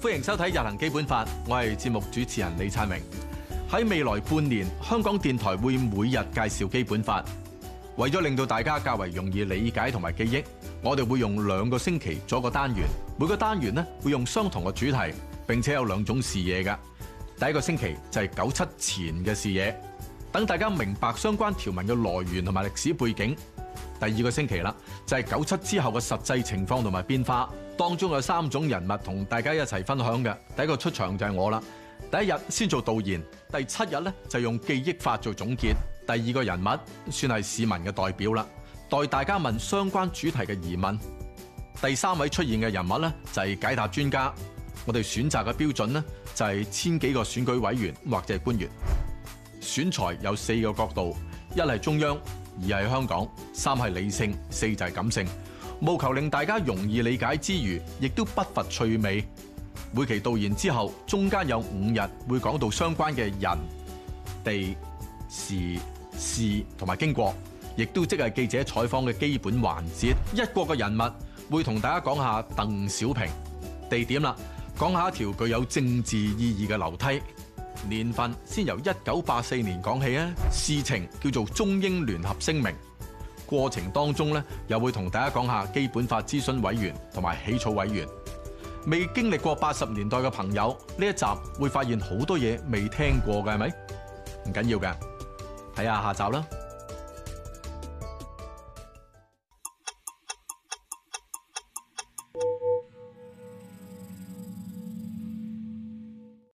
歡迎收睇《日行基本法》，我係節目主持人李燦明。喺未來半年，香港電台會每日介紹基本法，為咗令到大家較為容易理解同埋記憶，我哋會用兩個星期做一個單元。每個單元呢會用相同嘅主題，並且有兩種視野嘅。第一個星期就係九七前嘅視野，等大家明白相關條文嘅來源同埋歷史背景。第二個星期啦，就係九七之後嘅實際情況同埋變化，當中有三種人物同大家一齊分享嘅。第一個出場就係我啦，第一日先做導言，第七日咧就用記憶法做總結。第二個人物算係市民嘅代表啦，代大家問相關主題嘅疑問。第三位出現嘅人物咧就係解答專家，我哋選擇嘅標準呢，就係千幾個選舉委員或者官員。選材有四個角度，一係中央。二係香港，三係理性，四就係感性，務求令大家容易理解之餘，亦都不乏趣味。每期導言之後，中間有五日會講到相關嘅人、地、時、事同埋經過，亦都即係記者採訪嘅基本環節。一國嘅人物，會同大家講下鄧小平，地點啦，講下一條具有政治意義嘅樓梯。年份先由一九八四年講起啊，事情叫做中英聯合聲明，過程當中咧又會同大家講下基本法諮詢委員同埋起草委員。未經歷過八十年代嘅朋友，呢一集會發現好多嘢未聽過嘅，係咪？唔緊要嘅，睇下下集啦。